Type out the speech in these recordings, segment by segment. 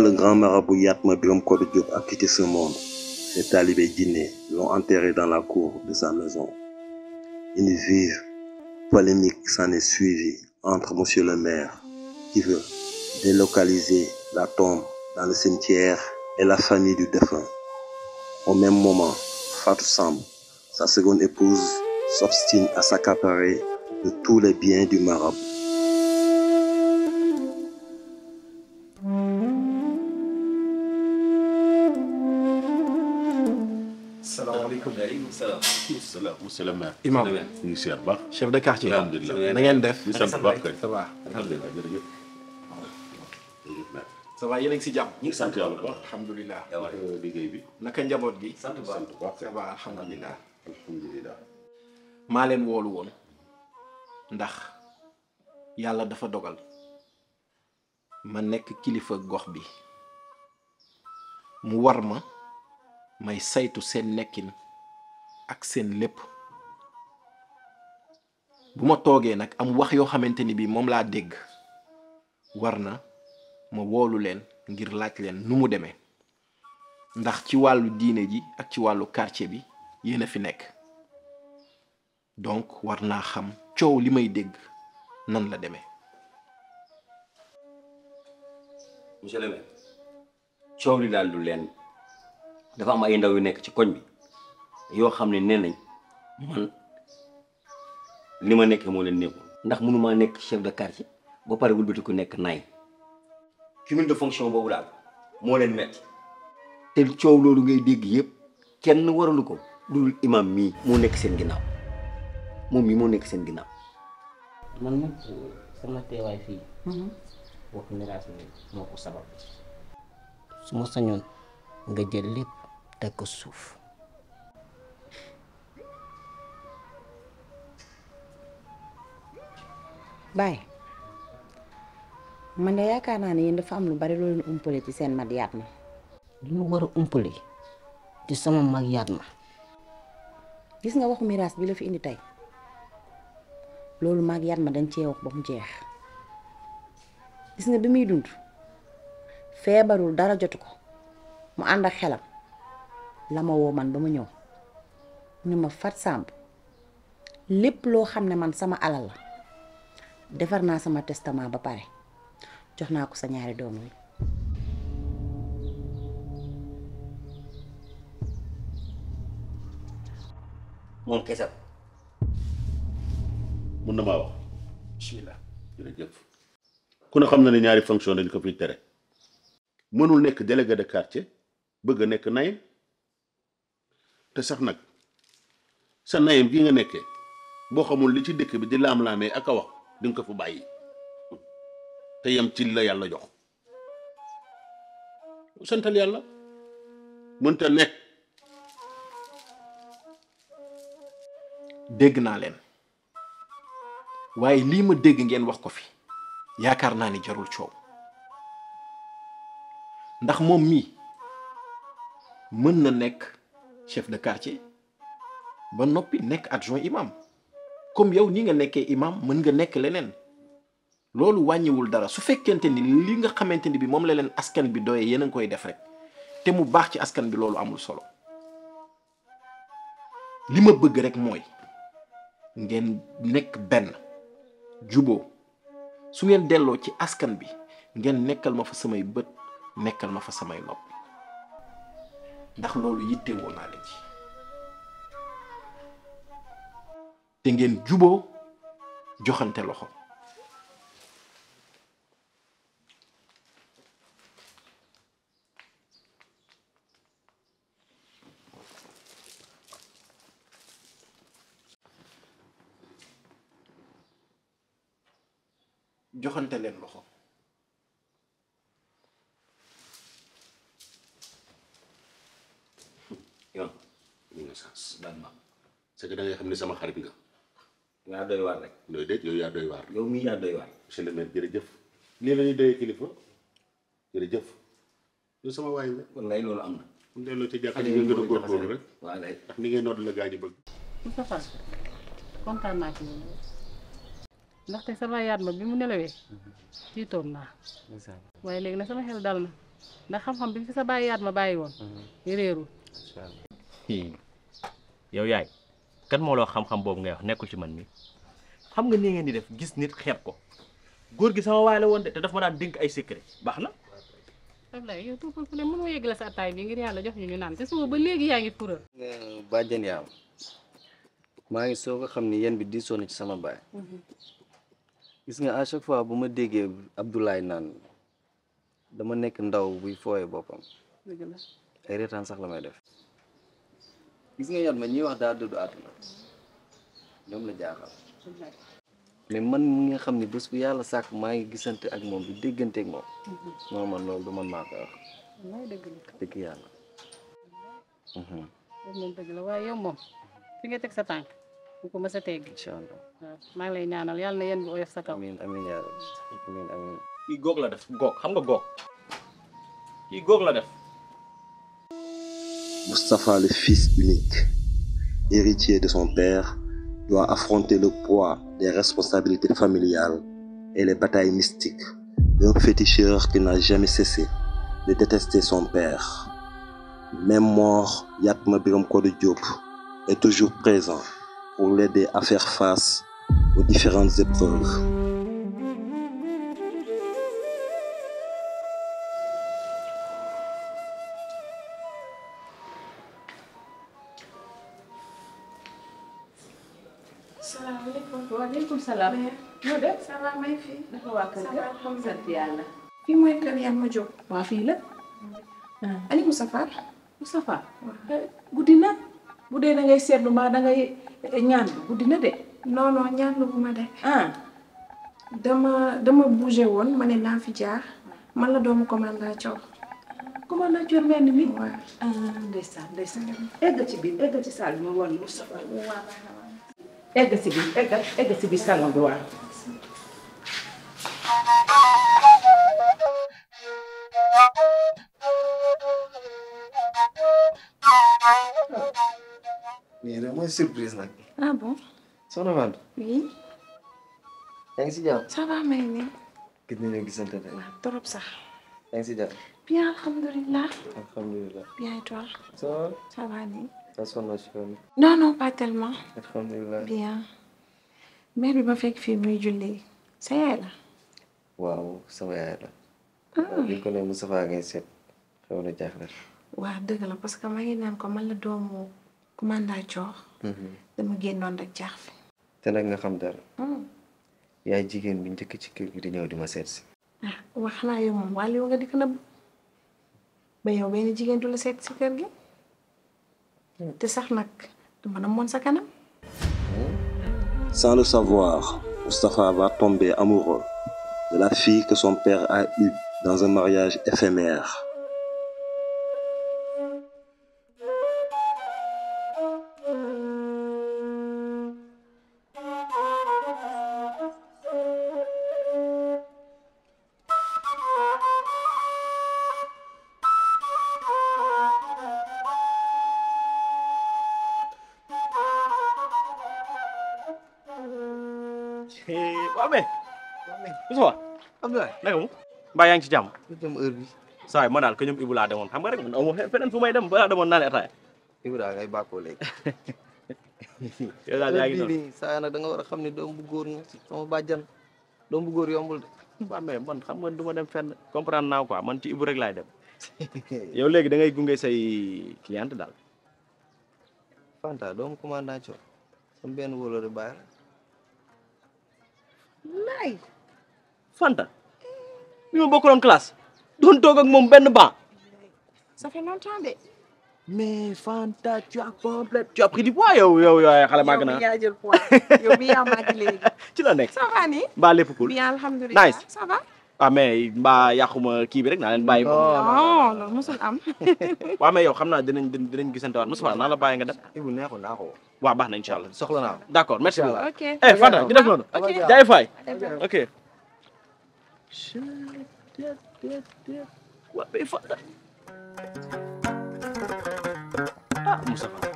le grand marabout Yatma Biom Diop a quitté ce monde, les talibés guinéens l'ont enterré dans la cour de sa maison. Une vive polémique s'en est suivie entre Monsieur le maire, qui veut délocaliser la tombe dans le cimetière, et la famille du défunt. Au même moment, Fatou Sam, sa seconde épouse, s'obstine à s'accaparer de tous les biens du marabout. salaam salaam monsieur le maire. imam ñu ngi seet baax. chef de quartier alhamdulilah na ngeen def. ñu sant baax kay ça va. alhamdulilah jërëjëf. ça si jàmm. sant yàlla baax alhamdulilah. liggéey bi. naka njaboot gi. sant baax sant baax ça va alhamdulilah. alhamdulilah. maa leen woolu woon ndax yàlla dafa dogal ma nekk kilifa gox bi mu war ma may saytu seen nekkin. ak seen lépp bu ma toogee nag am wax yoo xamante ni bii moom laa dégg war na ma woolu leen ngir laaj leen nu mu demee ndax ci wàllu diine ji ak ci wàllu quartier bi yéen a fi nekk donc war naa xam coow li may dégg nan la demee. monsieur coow li daal leen dafa am ay ndaw yu nekk ci koñ bi. yoo xam ne nee nañ man li ma nekkee moo leen nekku ndax maa nekk chef de quartier ba pare wulbati ku nekk naay cumul de fonction boobu daal moo leen metti te coow loolu ngay dégg yëpp kenn waralu ko dul imam mii moo nekk seen ginnaaw moom mii moo nekk seen ginnaaw man teewaay fii mhm. wax miraas sañoon nga jël lépp teg ko suuf bay man day yakana ni ndu yéen am lu bari loolu umpale ci sen mag yaat ma. lu mu war a ci sama mag yaat ma. gis nga waxu mirage bi la fi indi tay mag yaat ma dañ ci wax ba mu jeex gis nga bi muy dund febarul dara jotu ko mu and ak xelam lama ma man bama ñew ñuma fat samp lepp lo xamne man sama alal la. defar naa sama testament ba pare jox naa ko sa ñaari doom yi na maa wax bismillah jërëjëf ku ne xam na ne ñaari fonction dañ ko fiy tere mënul nekk délégué de quartier bëgg a nekk nayem te sax nag sa nayem gi nga nekkee boo xamul li ci dëkk bi di laam-laamee ak a wax di nga ko fa bàyyi te yem ci la yàlla jox santal yàlla mënta nekk dégg naa leen waaye lii ma dégg ngeen wax ko fi yaakaar naa ni jarul coow ndax moom mii mën na nekk chef de quartier ba noppi nekk adjoint imam comme yow ni nga nekkee imam mën nga nekk leneen loolu wàññiwul dara su fekkente ni li nga xamante ni bi moom la leen askan bi doyee yéen koy def rek te mu baax ci askan bi loolu amul solo li ma bëgg rek mooy ngeen nekk benn juboo su ngeen delloo ci askan bi ngeen nekkal ma fa samay bët nekkal ma fa samay lopp ndax loolu yittewoo naa la ci te ngeen juboo joxante loxo yow mii yaa doy waar. monsieur le maire jërëjëf lii la ñuy doyee kilifa jërëjëf yow sama waay la. wallaay loolu am na. delloo ci jàkka ji ngeen gën a góorgóorlu rek. waaw ndax ni ngeen nodd sama yaat ma bi mu nelawee tiitoon naa. waaye léegi nag sama xel dal na ndax xam-xam bi fi sa bàyyi yaat ma bàyyi woon. Mm-hmm. réerul. yow yaay kan moo la wax xam-xam boobu ngay wax nekkul ci man mi xam nga ni di def gis nit xeet ko góor gi sama waay la woon de te daf ma daan dénk ay secret baax na. Ablaye yow tuuful fu ne ataay bi ngir yàlla jox ñu ñu naan te suba ba léegi yaa ngi fural. bàjjen ngi soog a xam ni yéen bi diisoo na ci sama baay. Mhm. gis nga à chaque fois bu ma déggee Abdoulaye naan dama nekk ndaw buy fooyee boppam. ay reetaan sax la may def. gis nga yat ma ñuy wax daal dëddu àdduna ñoom la jaaxal. mais man mi nga xam ne bés bu yàlla sàkk maa ngi gisante ak moom di déggante ak moom. moo man loolu du man maa ko wax. mooy dëgg la yàlla. Mhm. moom dëgg la waaye yow moom fi nga teg sa tànk bu ko mës a teggi. incha allah maa ngi lay ñaanal yàlla na yéen bi oyof sa kaw. amiin kii goog la def goog xam nga goog kii goog la def. Moustapha le fils unique héritier de son père. doit affronter le poids des responsabilités familiales et les batailles mystiques d'un féticheur qui n'a jamais cessé de détester son père. Même mort, Yatma de Diop est toujours présent pour l'aider à faire face aux différentes épreuves. salaam. yow de. ça va may fii. naka waa kër ga sant yàlla. fii mooy kër Yama Diop. waa fii la. ani Moussa Fall. Moussa Fall. guddi na. bu dee da ngay seetlu mbaa da ngay ñaan dama dama bougé woon ma ne naa fi jaar man la doomu commandant Thiaw. Ah, desa, desa. mel mi. waaw ndeysaan ndeysaan. egg ci egg si biir egg egg si biir salon bi waaw. lii rek mooy surprise nag. ah bon. soxna Fane. oui. yaa ngi si jàmm. ça va may nii. gis nañu gisante ne. waaw ah, trop sax. yaa ngi si jàmm. bien alhamdulilah. alhamdulilah. bien et toi. ça va. ça va nii. non non pas tellement. bien. Mais il ma fait que du C'est c'est elle waouh C'est sama elle. ne Moustapha ngay seet xew na jaaxle. waaw parce que je ngi ko la doomu de Dior. Mhm. dama de rek jaax fi. te nag nga xam dara. Hmm. yaay jigéen bi njëkk ci kër gi di ñëw di ma seet si. ah wax naa dit que nga di Tu la sans le savoir, Mustapha va tomber amoureux de la fille que son père a eue dans un mariage éphémère. waaw mais. waaw Abdoulaye yaa ngi ci jàmm. dem bi. saa yi ma daal que ñoom Ibou laa demoon xam nga rek man amoo feneen fu may dem balaa demoon naa ne ataaya. Ibou ngay bàkkoo léegi. yow daal yaa ngi noonu saa yi nag da nga war a xam ne doom bu góor nga sama bàjjan doom bu góor yombul de. waaw man xam nga du dem fenn comprendre naa quoi man ci Ibou rek laay dem. yow léegi da ngay gunge say cliente daal. Fanta doomu commandant Thior sama benn wóoloo de bàyyi ay Fanta bi ma bokkaloon classe doon toog ak moom benn banc. ça fait longtemps de. mais Fanta tu as complète tu as pris du poids yow yow yow xale màgg na yow mi yaa jël yow mi yaa màgg léegi. ci la nekk ça va nii. mbaa nice ah mais mbaa yàquma kii bi rek naa leen bàyyi. non non mosul am. waaw mais yow xam naa dinañ dinañ gisante waat Moussa naa la bàyyi nga dem. Ibou neexul naa ko. waaw baax na incha allah soxla naa ko. d' accord merci beaucoup. ok eh Fanta ñu def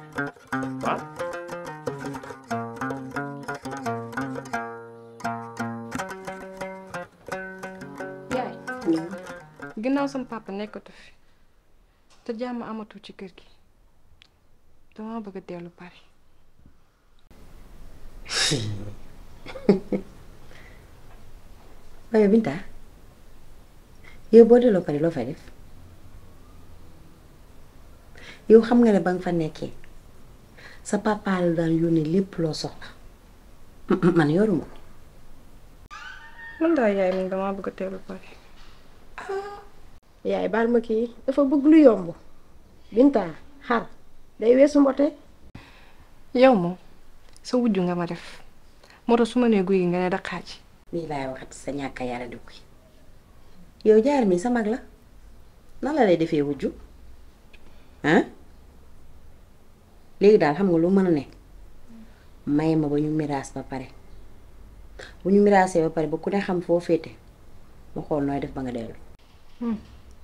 ginnaw sam papa nekkatu fi te jamm amatu ci kër gi dama bëgg délu pari Paris. Binta yow bo delloo pari lo fay def yow xam nga ne ba nga fa nekké sa papa la daan yónnee lépp loo man yoruma ko. yaay man damaa bëgg yaay baal ma kii dafa bëgg lu yomb Binta xar day weesu mbote. yow moom sa wujju nga ma def moo tax su ma nee guy yi nga ne daqaa ci. lii laay sa ñàkk a yara yow jaar mi sa mag la nan la lay defee wujju ah léegi daal xam nga lu mën a ne may ma ba ñu miraas ba pare bu ñu miraasee ba pare ba ku ne xam foo féete mu xool nooy def ba nga dellu. Hmm.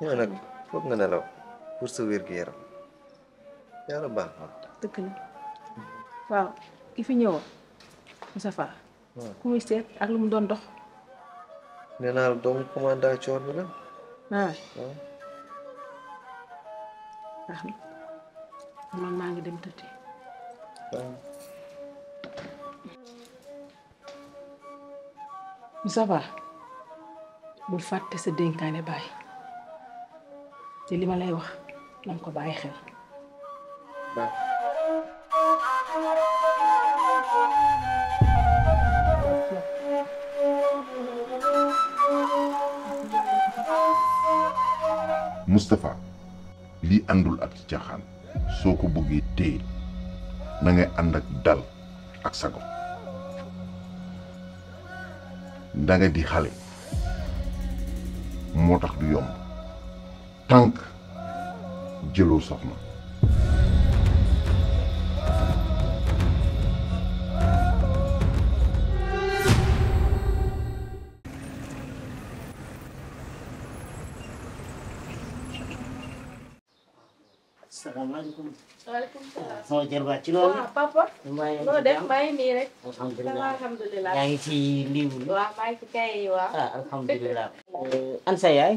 yow nag foog nga nelaw pour sa wér gu yaram yàlla baax na. dëgg la waaw ki fi ñëwoon Moussa Fall. waaw ku muy ak lu mu doon dox. nee naa la doomu commandant coor bi na man maa ngi dem tëddi. Moussa Fall bul fàtte sa dénkaane bàyyi. te li ma lay wax nañ ko bàyyi xel. baax. li andul ak ci xaan soko bëggé té na ngay and ak dal ak sago da nga di xalé motax du yomb. tànk jëloo soxna salaamaaleykum. waaleykum salaam. sama jërbaat ci loolu. waaw ah, papa. noo def maa ngi nii rek. alhamdulilah alhamdulilah. yaa ngi ci lii. waaw maa ngi ci kay waaw. ah alhamdulilah. Euh, an sa yaay.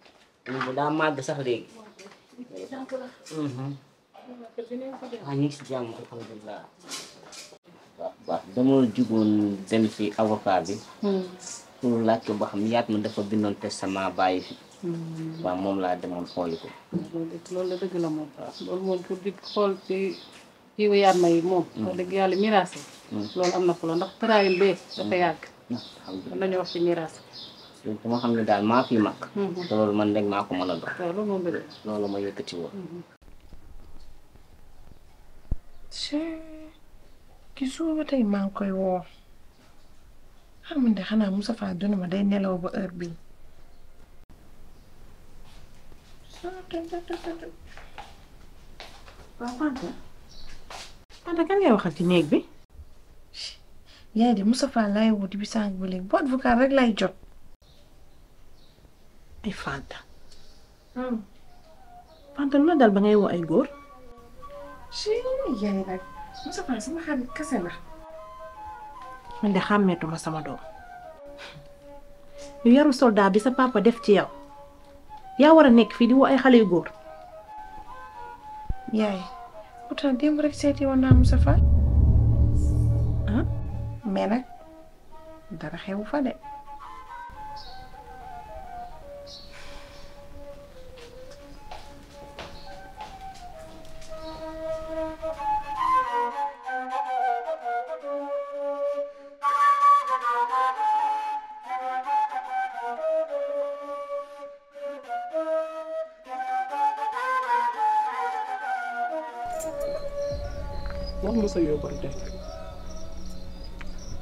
bu daa màgg sax léegi. waaw ñu ngi si jàmm alhamdulilah. waaw waaw dama jugoon dem fi avocat bi. Hmm. pour laajte boo xam yaat ma dafa bindoon testament bàyyi fi. waaw hmm. moom laa demoon xooli ko. loolu la dëgg la moom. loolu moom pour di xool ci jiwu yaat ma yi moom. Hmm. dëgg yàlla miraas yi. loolu am na ko ndax tëraayu beeg dafa yàgg. alhamdulilah nañu wax ci miraas. dama xam ne daal maa fi mag. te mhm. loolu man rek maa mën a dox. loolu ma yëkkati woon. ki mhm. suba tey maa ngi koy woo xam de xanaa Moustapha dund ma day nelaw ba heure bii. waaw Fanta. wax kan ci néeg bi. yaay di Moustapha laay wut bi sànq ba léegi boîte vocale rek lay jot. ay Fanta. Mm. Fanta lu la dal ba ngay woo ay góor. si yaay nag Moustapha sama xarit kese la. man de xàmmeetuma sama doom. yu yaru soldat bi sa papa def ci yow. yaa war a nekk fii di woo ay xale yu góor. yaay pourtant démb rek seeti woon naa Moustapha. ah nag dara xewu fa de.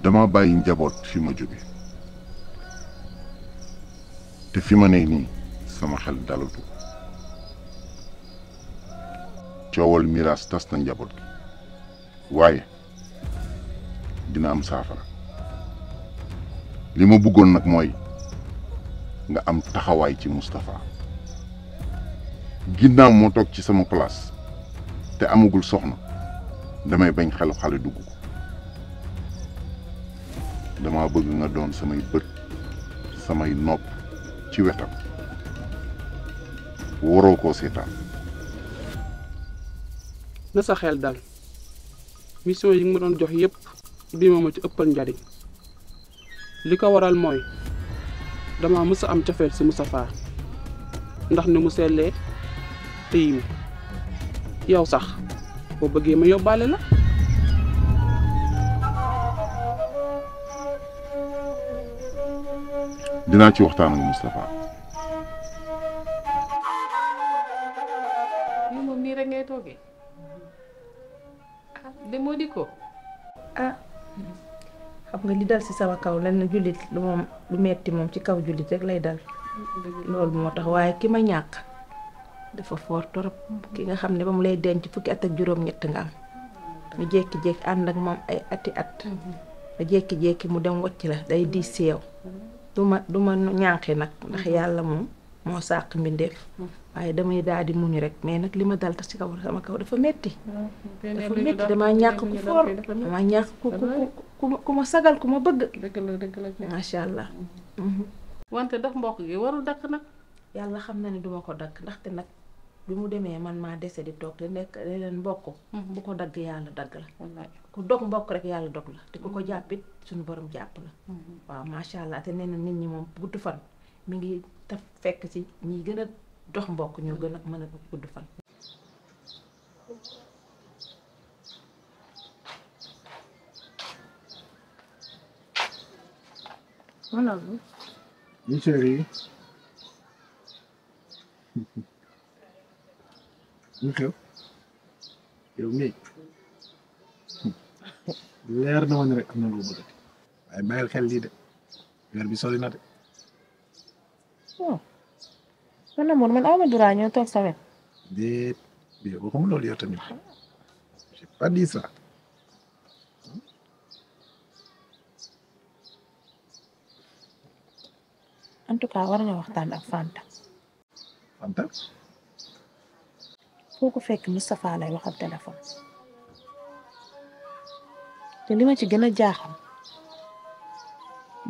dama bayi njaboot fi ma jóge te fi ma ne ni sama xel dalatu coowal miras tas na njaboot gi waaye dina am safara lima bëggon nak moy nga am taxaway ci Mustafa. ginnaaw mo tok ci sama place te amugul soxna damay bañ xelu xale duggu dama bëgg nga doon samay bët samay nopp ci wétam woro ko seetaan na sa xel dal mission yi nga doon jox yépp bii ma ci ëppal njariñ li waral mooy dama mësa am cofeel si Moustapha ndax ni mu sellee teyim yow sax boo bëggee ma yóbbaale la dinaa ci waxtaan ak Moustapha. yow moom nii rek ngay toogee ah demoo di ko. ah xam nga li dal si sama kaw lenn jullit lu moom lu metti moom ci kaw jullit rek lay dal. loolu moo tax waaye ki ma ñàkk dafa foor torop ki nga xam ne ba mu lay denc fukki at ak juróom-ñett nga am ñu jekki jékki ànd ak moom ay ati at. nga mhm. jekki-jekki mu dem wacc la day di si du ma du ma ñànqe nag ndax mhm. yàlla moom moo sàq mbindeef mhm. waaye damay daal di muñu rek mais nag li ma dal ci kaw sama kaw dafa metti mhm. dafa metti damaa ñàkk ku foor damaa ñàkk ku ku ku ma sagal ku ma bëgg dëgg dëgg la macha allah wante ndax mbokk gi warul dakk nag yàlla xam na ne duma ko dakk ndaxte nag bi mu demee man maa dese di toog di nekk leen mbokk mm-hmm. bu ko dagg yàlla dagg la ku dog mbokk rek yàlla dog la te ku ko mm-hmm. jàppit suñu boroom jàpp la mm-hmm. waaw macha allah te nee na nit ñi moom gudd fan mi ngi taf fekk ci ñi gën a dox mbokk ñoo gën a mën a gudd fan Voilà. Une lu xew yow mii hmm. leer na ma ne rek am na loo bëgg waaye bàyyil xel lii de weer bi sori na de. waaw oh. man nag man aw ma droit ñëw toog sa wet. déet bi waxuma loolu yow tamit j'ai pas dit ça. war nga waxtaan ak Fanta. Fanta. foo ko fekk Moustapha lay waxal téléphone te li ma ci gën a jaaxal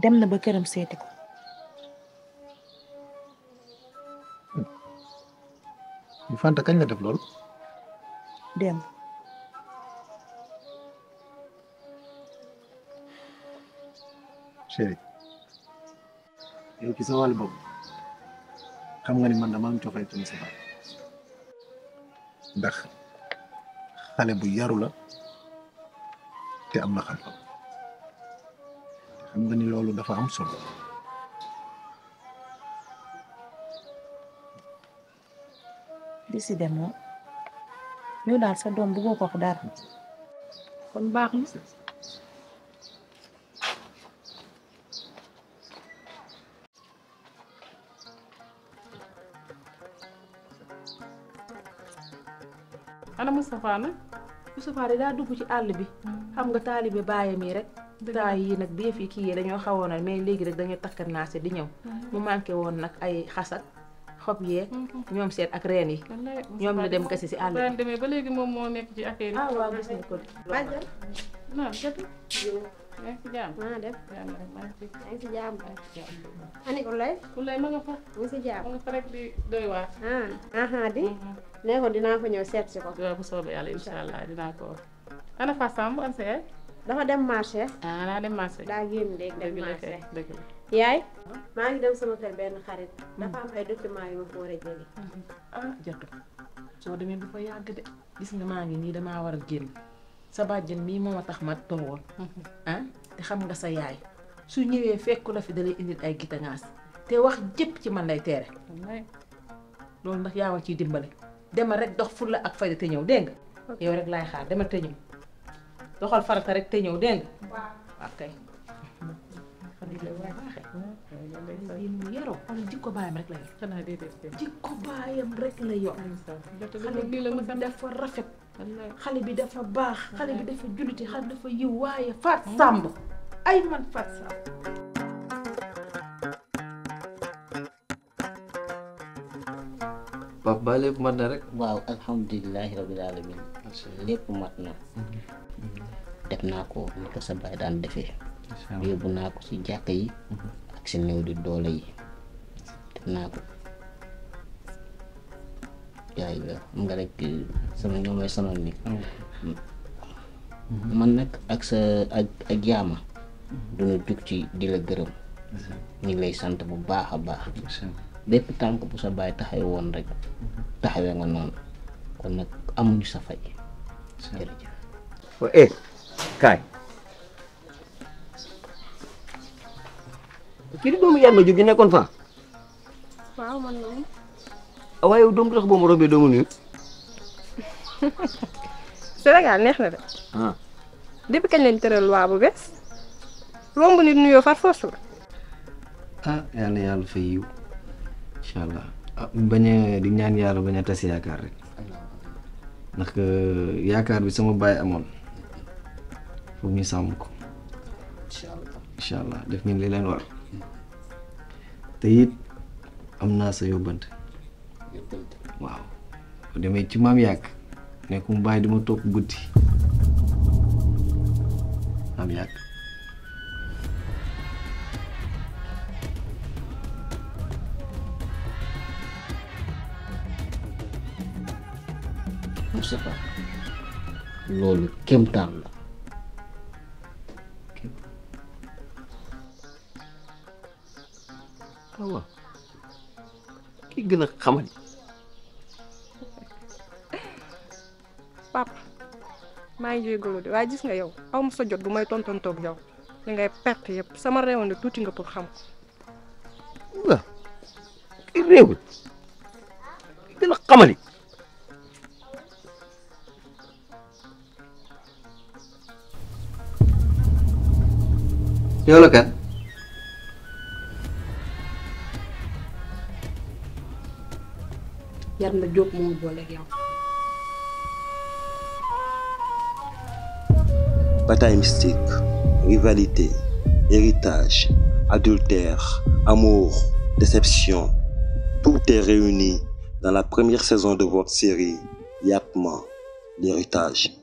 dem na ba këram seeti ko ñu fanta kañ la def loolu dem chéri yow ci sa wàll boobu xam nga ni man dama ndax xale bu yaru la te am na xam nga ni loolu dafa am solo décidément ñu daal sa doom bu ko dara kon baax na ana Moustapha nag. Moustapha de daa dugg ci àll bi. Hmm. xam nga taalibe baayam yi rek. taa yi nag bi yëf yi kii yee dañoo xawoon na mais léegi rek dañoo naa naase di ñëw. Hmm. mu manqué woon nag ay xasak xob yeeg. Hmm. ñoom seet ak reen yi. ñoom la dem kese si àll bi. demee ba léegi moom moo nekk ci affaire yi. ah waaw gis nga ko. yaa ngi si jàmm maa def. yaa ngi si jàmm. ani Ulay. Ulay ma nga fa. mu ngi si jàmm ma nga di doy ah di. nee ko di fa ñëw si ko. waaw bu soobee yàlla incha allah dinaa ko. ana Fatou Samb an sa dem ah daa dem marché. daa génn léegi dem marché dëgg la yaay. maa ngi dem sama kër benn xarit. dafa am ay yu ah jot soo demi bu fa yàgg de gis nga maa ngi nii war sa bàjjen mii moom a tax ma toowoon mhm. ah, te xam nga sa yaay su ñëwee fekku la fi dalay indil ay gitangaas te wax jëpp ci man lay teere loolu ndax yaa ciy dimbale demal rek dox fulla ak fayda te ñëw dégg nga yow rek xaar demal te ñëw doxal farata rek te ñëw dégg nga waaw kay mu yaroo xale jikko jikko baayam rek la yor xale bi rafet xale bi dafa baax xale bi dafa juliti xale dafa yi waaye Fat Samb ay man Fat Samb Pape Ba mat na rek waaw alhamdulilahi rabil alamin lépp mat na def naa ko ni ko sa bay daan defee yóbbu naa ko ci jàkka yi mhm. ak si néew di doole yi def naa ko yaay la nga rek sama nga may sama ni man nag ak sa ak ak yaama duna jug ci di la gërëm ñu lay sant bu baax a baax bépp tànk bu sa baay taxaw woon rek mm-hmm. taxawee nga noonu kon nag amuñu sa fay eh, kii di doomu yaay ma jóg gi nekkoon fa waaye doom tax boo ma rombee ini? nii. Sénégal neex na de. ah. depuis kañ lañ tëral waa bu bees. romb nit nuyoo far ah yàlla yàlla fay yiw incha ah, a di ñaan yàlla bañ tas rek nak yaakaar bi sama baay amoon foog ñu sàmm ko. incha allah war te amna am waaw demee ci maam yàgg nekkum bàyyi dama toog guddi maam yàgg Moustapha loolu kemtaan la awa ki gën a xamadi papa maa ngi jégalu de waaye gis nga yow aw ma sa jot bu may tontontoog yow li ngay perte yëpp sama réew ne tuuti nga pour xam ko. kii réew dina xamali. yow la kan. yar na Diop moo boole ak yow. bataille mystique, rivalité, héritage, adultère, amour, déception. Tout est réuni dans la première saison de votre série Yapman, l'héritage.